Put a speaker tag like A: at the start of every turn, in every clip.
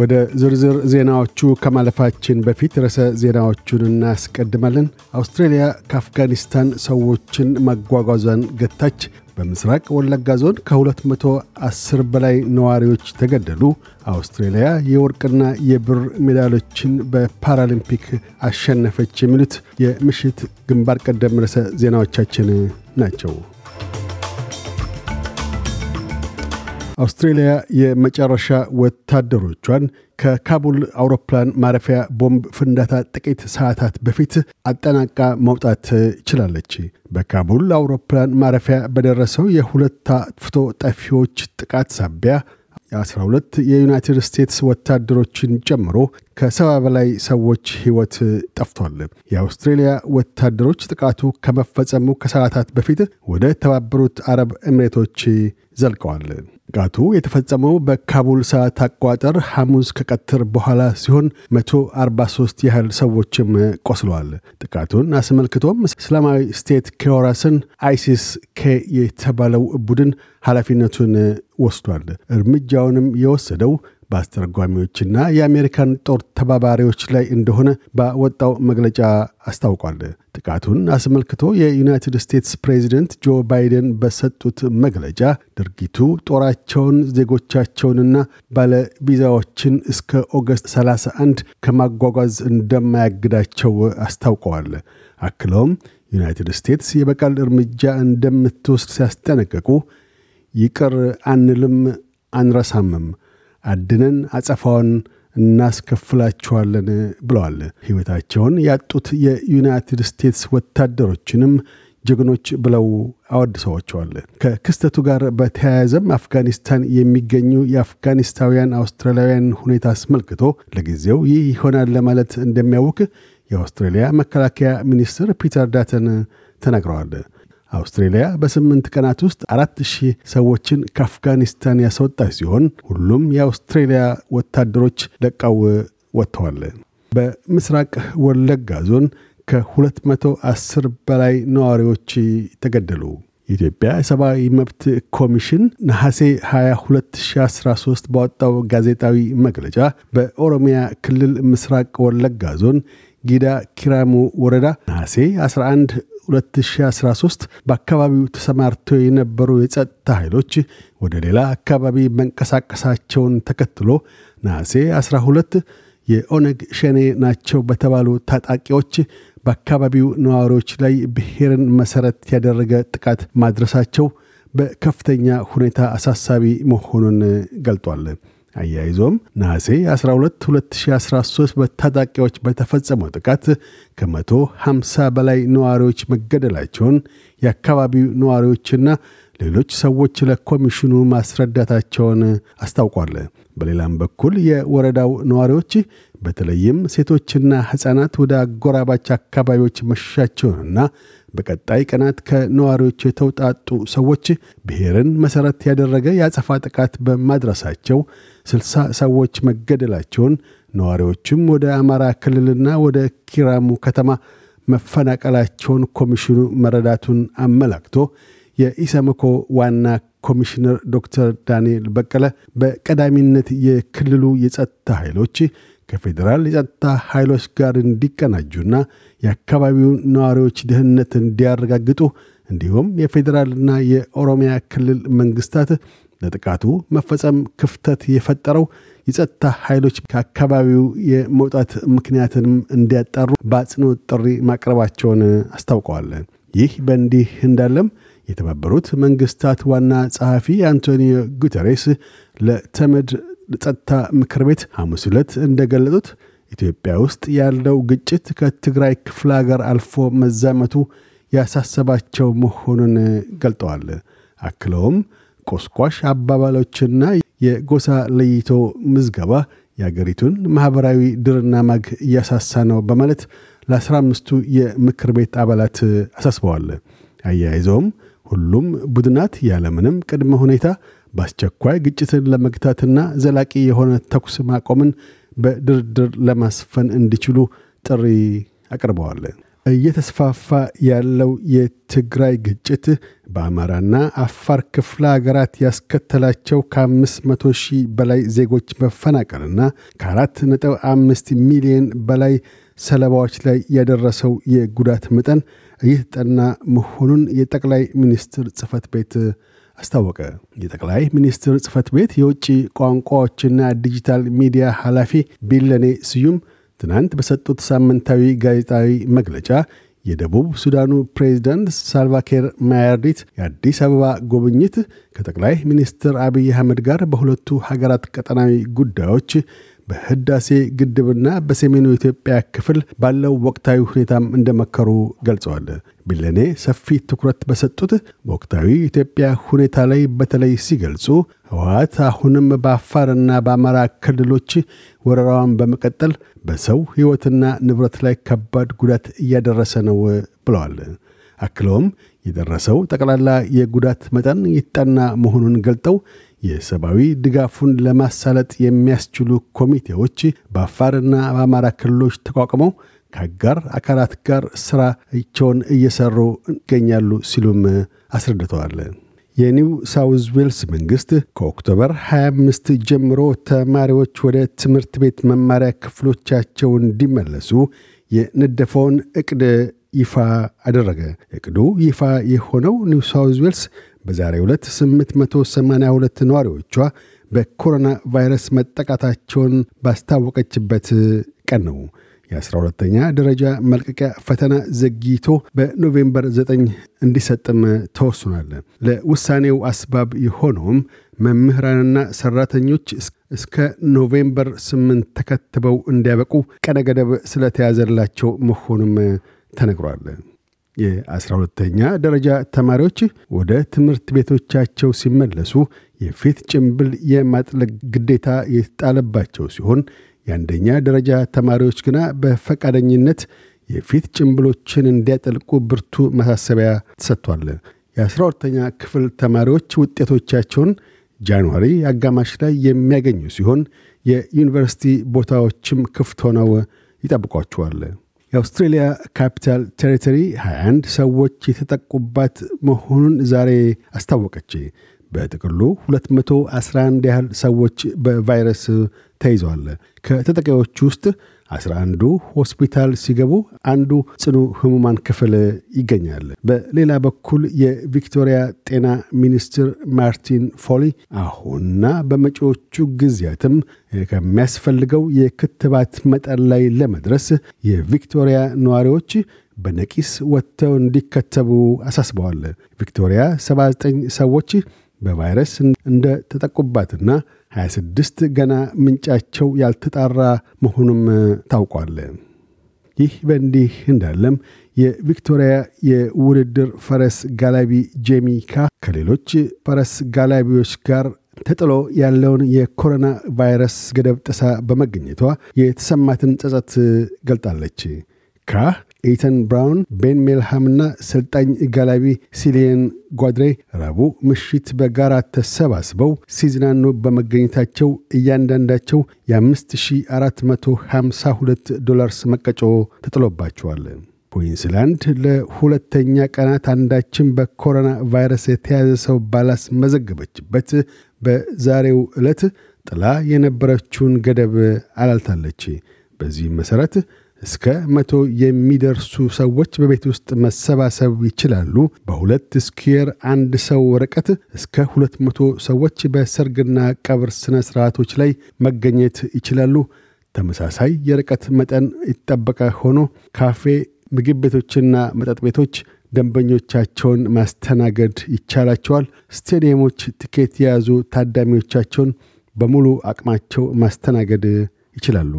A: ወደ ዝርዝር ዜናዎቹ ከማለፋችን በፊት ርዕሰ ዜናዎቹን እናስቀድማለን። አውስትራሊያ ከአፍጋኒስታን ሰዎችን ማጓጓዟን ገታች። በምስራቅ ወለጋ ዞን ከ210 በላይ ነዋሪዎች ተገደሉ። አውስትሬልያ የወርቅና የብር ሜዳሎችን በፓራሊምፒክ አሸነፈች። የሚሉት የምሽት ግንባር ቀደም ርዕሰ ዜናዎቻችን ናቸው። አውስትሬልያ የመጨረሻ ወታደሮቿን ከካቡል አውሮፕላን ማረፊያ ቦምብ ፍንዳታ ጥቂት ሰዓታት በፊት አጠናቃ መውጣት ችላለች። በካቡል አውሮፕላን ማረፊያ በደረሰው የሁለት አጥፍቶ ጠፊዎች ጥቃት ሳቢያ የ12 የዩናይትድ ስቴትስ ወታደሮችን ጨምሮ ከሰባ በላይ ሰዎች ሕይወት ጠፍቷል። የአውስትሬልያ ወታደሮች ጥቃቱ ከመፈጸሙ ከሰዓታት በፊት ወደ ተባበሩት አረብ እምሬቶች ዘልቀዋል። ጥቃቱ የተፈጸመው በካቡል ሰዓት አቋጠር ሐሙስ ከቀትር በኋላ ሲሆን 143 ያህል ሰዎችም ቆስለዋል። ጥቃቱን አስመልክቶም እስላማዊ ስቴት ኬራስን አይሲስ ኬ የተባለው ቡድን ኃላፊነቱን ወስዷል። እርምጃውንም የወሰደው በአስተረጓሚዎችና የአሜሪካን ጦር ተባባሪዎች ላይ እንደሆነ በወጣው መግለጫ አስታውቋል። ጥቃቱን አስመልክቶ የዩናይትድ ስቴትስ ፕሬዚደንት ጆ ባይደን በሰጡት መግለጫ ድርጊቱ ጦራቸውን፣ ዜጎቻቸውንና ባለቪዛዎችን እስከ ኦገስት 31 ከማጓጓዝ እንደማያግዳቸው አስታውቀዋል። አክለውም ዩናይትድ ስቴትስ የበቀል እርምጃ እንደምትወስድ ሲያስጠነቀቁ ይቅር አንልም፣ አንረሳምም አድነን አጸፋውን እናስከፍላቸዋለን ብለዋል። ሕይወታቸውን ያጡት የዩናይትድ ስቴትስ ወታደሮችንም ጀግኖች ብለው አወድሰዋቸዋል። ከክስተቱ ጋር በተያያዘም አፍጋኒስታን የሚገኙ የአፍጋኒስታውያን አውስትራሊያውያን ሁኔታ አስመልክቶ ለጊዜው ይህ ይሆናል ለማለት እንደሚያውቅ የአውስትራሊያ መከላከያ ሚኒስትር ፒተር ዳተን ተናግረዋል። አውስትሬልያ በስምንት ቀናት ውስጥ አራት ሺህ ሰዎችን ከአፍጋኒስታን ያስወጣች ሲሆን ሁሉም የአውስትሬልያ ወታደሮች ለቃው ወጥተዋል። በምስራቅ ወለጋ ዞን ከ210 በላይ ነዋሪዎች ተገደሉ። የኢትዮጵያ የሰብአዊ መብት ኮሚሽን ነሐሴ 22013 ባወጣው ጋዜጣዊ መግለጫ በኦሮሚያ ክልል ምስራቅ ወለጋ ዞን ጊዳ ኪራሙ ወረዳ ነሐሴ 11 2013 በአካባቢው ተሰማርተው የነበሩ የጸጥታ ኃይሎች ወደ ሌላ አካባቢ መንቀሳቀሳቸውን ተከትሎ ናሴ 12 የኦነግ ሸኔ ናቸው በተባሉ ታጣቂዎች በአካባቢው ነዋሪዎች ላይ ብሔርን መሠረት ያደረገ ጥቃት ማድረሳቸው በከፍተኛ ሁኔታ አሳሳቢ መሆኑን ገልጧል። አያይዞም ነሐሴ 12 2013 በታጣቂዎች በተፈጸመው ጥቃት ከ150 በላይ ነዋሪዎች መገደላቸውን የአካባቢው ነዋሪዎችና ሌሎች ሰዎች ለኮሚሽኑ ማስረዳታቸውን አስታውቋል። በሌላም በኩል የወረዳው ነዋሪዎች በተለይም ሴቶችና ሕፃናት ወደ አጎራባች አካባቢዎች መሸሻቸውንና በቀጣይ ቀናት ከነዋሪዎች የተውጣጡ ሰዎች ብሔርን መሠረት ያደረገ የአጸፋ ጥቃት በማድረሳቸው ስልሳ ሰዎች መገደላቸውን ነዋሪዎችም ወደ አማራ ክልልና ወደ ኪራሙ ከተማ መፈናቀላቸውን ኮሚሽኑ መረዳቱን አመላክቶ የኢሰመኮ ዋና ኮሚሽነር ዶክተር ዳንኤል በቀለ በቀዳሚነት የክልሉ የጸጥታ ኃይሎች ከፌዴራል የጸጥታ ኃይሎች ጋር እንዲቀናጁና የአካባቢው ነዋሪዎች ደህንነት እንዲያረጋግጡ እንዲሁም የፌዴራልና የኦሮሚያ ክልል መንግስታት ለጥቃቱ መፈጸም ክፍተት የፈጠረው የጸጥታ ኃይሎች ከአካባቢው የመውጣት ምክንያትንም እንዲያጣሩ በአጽኖ ጥሪ ማቅረባቸውን አስታውቀዋል። ይህ በእንዲህ እንዳለም የተባበሩት መንግስታት ዋና ጸሐፊ አንቶኒዮ ጉተሬስ ለተመድ ጸጥታ ምክር ቤት ሐሙስ ዕለት እንደገለጡት ኢትዮጵያ ውስጥ ያለው ግጭት ከትግራይ ክፍለ ሀገር አልፎ መዛመቱ ያሳሰባቸው መሆኑን ገልጠዋል። አክለውም ቆስቋሽ አባባሎችና የጎሳ ለይቶ ምዝገባ የአገሪቱን ማኅበራዊ ድርና ማግ እያሳሳ ነው በማለት ለአስራ አምስቱ የምክር ቤት አባላት አሳስበዋል። አያይዘውም ሁሉም ቡድናት ያለምንም ቅድመ ሁኔታ በአስቸኳይ ግጭትን ለመግታትና ዘላቂ የሆነ ተኩስ ማቆምን በድርድር ለማስፈን እንዲችሉ ጥሪ አቅርበዋል። እየተስፋፋ ያለው የትግራይ ግጭት በአማራና አፋር ክፍለ ሀገራት ያስከተላቸው ከ500 ሺህ በላይ ዜጎች መፈናቀልና ከ4.5 ሚሊዮን በላይ ሰለባዎች ላይ ያደረሰው የጉዳት መጠን እየተጠና መሆኑን የጠቅላይ ሚኒስትር ጽህፈት ቤት አስታወቀ። የጠቅላይ ሚኒስትር ጽህፈት ቤት የውጭ ቋንቋዎችና ዲጂታል ሚዲያ ኃላፊ ቢለኔ ስዩም ትናንት በሰጡት ሳምንታዊ ጋዜጣዊ መግለጫ የደቡብ ሱዳኑ ፕሬዚዳንት ሳልቫኪር ማያርዲት የአዲስ አበባ ጉብኝት ከጠቅላይ ሚኒስትር አብይ አህመድ ጋር በሁለቱ ሀገራት ቀጠናዊ ጉዳዮች በህዳሴ ግድብና በሰሜኑ ኢትዮጵያ ክፍል ባለው ወቅታዊ ሁኔታም እንደመከሩ ገልጸዋል። ቢለኔ ሰፊ ትኩረት በሰጡት በወቅታዊ ኢትዮጵያ ሁኔታ ላይ በተለይ ሲገልጹ ህወት አሁንም በአፋርና በአማራ ክልሎች ወረራዋን በመቀጠል በሰው ሕይወትና ንብረት ላይ ከባድ ጉዳት እያደረሰ ነው ብለዋል። አክለውም የደረሰው ጠቅላላ የጉዳት መጠን ይጠና መሆኑን ገልጠው የሰብአዊ ድጋፉን ለማሳለጥ የሚያስችሉ ኮሚቴዎች በአፋርና በአማራ ክልሎች ተቋቁመው ከአጋር አካላት ጋር ስራቸውን እየሰሩ ይገኛሉ ሲሉም አስረድተዋል። የኒው ሳውዝ ዌልስ መንግሥት ከኦክቶበር 25 ጀምሮ ተማሪዎች ወደ ትምህርት ቤት መማሪያ ክፍሎቻቸው እንዲመለሱ የነደፈውን እቅድ ይፋ አደረገ። እቅዱ ይፋ የሆነው ኒው ሳውዝ ዌልስ በዛሬ ዕለት 882 ነዋሪዎቿ በኮሮና ቫይረስ መጠቃታቸውን ባስታወቀችበት ቀን ነው። የ12ተኛ ደረጃ መልቀቂያ ፈተና ዘግይቶ በኖቬምበር 9 እንዲሰጥም ተወስኗል። ለውሳኔው አስባብ የሆነውም መምህራንና ሰራተኞች እስከ ኖቬምበር 8 ተከትበው እንዲያበቁ ቀነ ገደብ ስለተያዘላቸው መሆኑም ተነግሯል። የ12ተኛ ደረጃ ተማሪዎች ወደ ትምህርት ቤቶቻቸው ሲመለሱ የፊት ጭንብል የማጥለቅ ግዴታ የተጣለባቸው ሲሆን የአንደኛ ደረጃ ተማሪዎች ግና በፈቃደኝነት የፊት ጭንብሎችን እንዲያጠልቁ ብርቱ ማሳሰቢያ ተሰጥቷል። የ12ተኛ ክፍል ተማሪዎች ውጤቶቻቸውን ጃንዋሪ አጋማሽ ላይ የሚያገኙ ሲሆን የዩኒቨርሲቲ ቦታዎችም ክፍት ሆነው ይጠብቋቸዋል። የአውስትሬሊያ ካፒታል ቴሪቶሪ 21 ሰዎች የተጠቁባት መሆኑን ዛሬ አስታወቀች። በጥቅሉ 211 ያህል ሰዎች በቫይረስ ተይዘዋል። ከተጠቂዎች ውስጥ አስራ አንዱ ሆስፒታል ሲገቡ አንዱ ጽኑ ህሙማን ክፍል ይገኛል። በሌላ በኩል የቪክቶሪያ ጤና ሚኒስትር ማርቲን ፎሊ አሁንና በመጪዎቹ ጊዜያትም ከሚያስፈልገው የክትባት መጠን ላይ ለመድረስ የቪክቶሪያ ነዋሪዎች በነቂስ ወጥተው እንዲከተቡ አሳስበዋል። ቪክቶሪያ 79 ሰዎች በቫይረስ እንደተጠቁባትና 26 ገና ምንጫቸው ያልተጣራ መሆኑም ታውቋል። ይህ በእንዲህ እንዳለም የቪክቶሪያ የውድድር ፈረስ ጋላቢ ጄሚካ ከሌሎች ፈረስ ጋላቢዎች ጋር ተጥሎ ያለውን የኮሮና ቫይረስ ገደብ ጥሳ በመገኘቷ የተሰማትን ጸጸት ገልጣለች። ካህ ኤተን ብራውን፣ ቤን ሜልሃም እና ሰልጣኝ ጋላቢ ሲሊየን ጓድሬ ረቡ ምሽት በጋራ ተሰባስበው ሲዝናኑ በመገኘታቸው እያንዳንዳቸው የ5452 ዶላርስ መቀጮ ተጥሎባቸዋል። ኩዊንስላንድ ለሁለተኛ ቀናት አንዳችን በኮሮና ቫይረስ የተያዘ ሰው ባላስመዘገበችበት በዛሬው ዕለት ጥላ የነበረችውን ገደብ አላልታለች። በዚህም መሠረት እስከ መቶ የሚደርሱ ሰዎች በቤት ውስጥ መሰባሰብ ይችላሉ። በሁለት ስኩዌር አንድ ሰው ርቀት እስከ 200 ሰዎች በሰርግና ቀብር ሥነ ሥርዓቶች ላይ መገኘት ይችላሉ። ተመሳሳይ የርቀት መጠን ይጠበቀ ሆኖ ካፌ፣ ምግብ ቤቶችና መጠጥ ቤቶች ደንበኞቻቸውን ማስተናገድ ይቻላቸዋል። ስቴዲየሞች ትኬት የያዙ ታዳሚዎቻቸውን በሙሉ አቅማቸው ማስተናገድ ይችላሉ።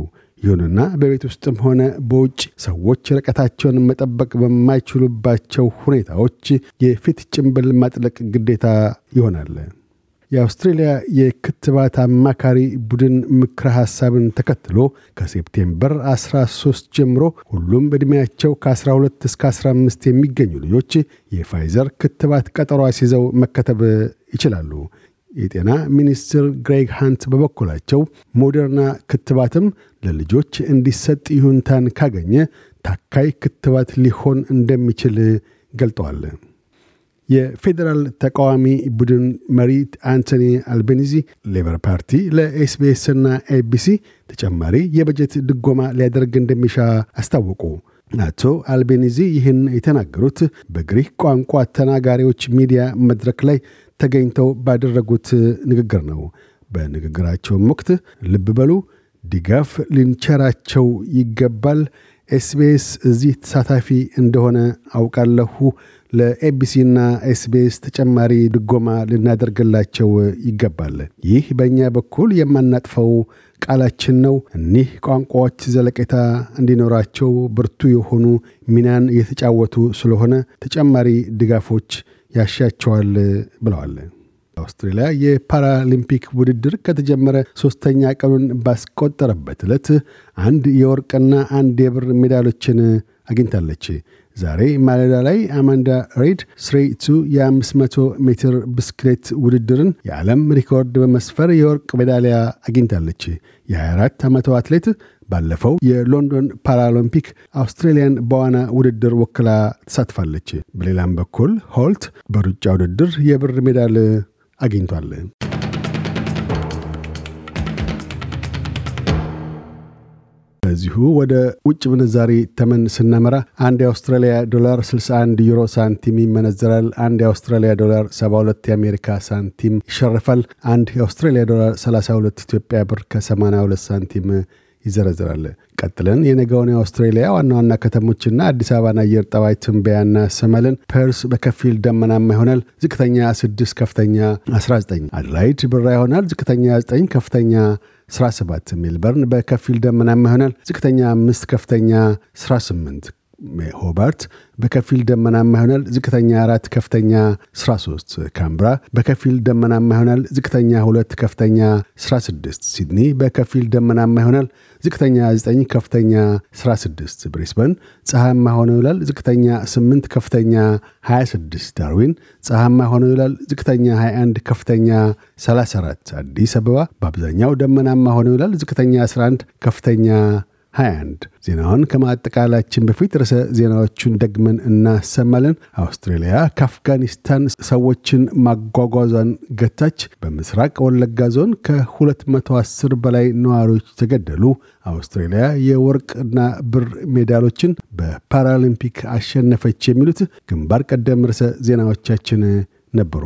A: ይሁንና በቤት ውስጥም ሆነ በውጭ ሰዎች ርቀታቸውን መጠበቅ በማይችሉባቸው ሁኔታዎች የፊት ጭንብል ማጥለቅ ግዴታ ይሆናል። የአውስትሬልያ የክትባት አማካሪ ቡድን ምክረ ሐሳብን ተከትሎ ከሴፕቴምበር 13 ጀምሮ ሁሉም ዕድሜያቸው ከ12 እስከ 15 የሚገኙ ልጆች የፋይዘር ክትባት ቀጠሮ አስይዘው መከተብ ይችላሉ። የጤና ሚኒስትር ግሬግ ሃንት በበኩላቸው ሞደርና ክትባትም ለልጆች እንዲሰጥ ይሁንታን ካገኘ ታካይ ክትባት ሊሆን እንደሚችል ገልጠዋል። የፌዴራል ተቃዋሚ ቡድን መሪ አንቶኒ አልቤኒዚ ሌበር ፓርቲ ለኤስቢኤስና ኤቢሲ ተጨማሪ የበጀት ድጎማ ሊያደርግ እንደሚሻ አስታወቁ። አቶ አልቤኒዚ ይህን የተናገሩት በግሪክ ቋንቋ ተናጋሪዎች ሚዲያ መድረክ ላይ ተገኝተው ባደረጉት ንግግር ነው። በንግግራቸውም ወቅት ልብ በሉ ድጋፍ ልንቸራቸው ይገባል። ኤስቢኤስ እዚህ ተሳታፊ እንደሆነ አውቃለሁ። ለኤቢሲና ኤስቢኤስ ተጨማሪ ድጎማ ልናደርግላቸው ይገባል። ይህ በእኛ በኩል የማናጥፈው ቃላችን ነው። እኒህ ቋንቋዎች ዘለቄታ እንዲኖራቸው ብርቱ የሆኑ ሚናን እየተጫወቱ ስለሆነ ተጨማሪ ድጋፎች ያሻቸዋል ብለዋል። አውስትሬልያ የፓራሊምፒክ ውድድር ከተጀመረ ሶስተኛ ቀኑን ባስቆጠረበት ዕለት አንድ የወርቅና አንድ የብር ሜዳሎችን አግኝታለች። ዛሬ ማለዳ ላይ አማንዳ ሬድ ስሬቱ የ500 ሜትር ብስክሌት ውድድርን የዓለም ሪኮርድ በመስፈር የወርቅ ሜዳሊያ አግኝታለች። የ24 ዓመቷ አትሌት ባለፈው የሎንዶን ፓራሎምፒክ አውስትሬልያን በዋና ውድድር ወክላ ተሳትፋለች። በሌላም በኩል ሆልት በሩጫ ውድድር የብር ሜዳል አግኝቷል። ከዚሁ ወደ ውጭ ምንዛሪ ተመን ስናመራ አንድ የአውስትራሊያ ዶላር 61 ዩሮ ሳንቲም ይመነዘራል። አንድ የአውስትራሊያ ዶላር 72 የአሜሪካ ሳንቲም ይሸርፋል። አንድ የአውስትራሊያ ዶላር 32 ኢትዮጵያ ብር ከ82 ሳንቲም ይዘረዝራል። ቀጥለን የነገውን የአውስትሬሊያ ዋና ዋና ከተሞችና አዲስ አበባን አየር ጠባይ ትንበያና ሰመልን ፐርስ በከፊል ደመናማ ይሆናል። ዝቅተኛ 6 ከፍተኛ 19። አድላይድ ብራ ይሆናል። ዝቅተኛ 9 ከፍተኛ 17 ሜልበርን በከፊል ደመናማ ይሆናል። ዝቅተኛ አምስት ከፍተኛ 18 ሆበርት በከፊል ደመናማ ይሆናል። ዝቅተኛ አራት ከፍተኛ 13 ካምብራ በከፊል ደመናማ ይሆናል። ዝቅተኛ ሁለት ከፍተኛ 16 ሲድኒ በከፊል ደመናማ ይሆናል። ዝቅተኛ 9 ከፍተኛ 16 ብሪስበን ፀሐማ ሆኖ ይውላል። ዝቅተኛ 8 ከፍተኛ 26 ዳርዊን ፀሐማ ሆኖ ይውላል። ዝቅተኛ 21 ከፍተኛ 34 አዲስ አበባ በአብዛኛው ደመናማ ሆኖ ይውላል። ዝቅተኛ 11 ከፍተኛ 21 ዜናውን ከማጠቃላችን በፊት ርዕሰ ዜናዎቹን ደግመን እናሰማለን። አውስትሬልያ ከአፍጋኒስታን ሰዎችን ማጓጓዟን ገታች። በምስራቅ ወለጋ ዞን ከ210 በላይ ነዋሪዎች ተገደሉ። አውስትሬልያ የወርቅና ብር ሜዳሎችን በፓራሊምፒክ አሸነፈች። የሚሉት ግንባር ቀደም ርዕሰ ዜናዎቻችን ነበሩ።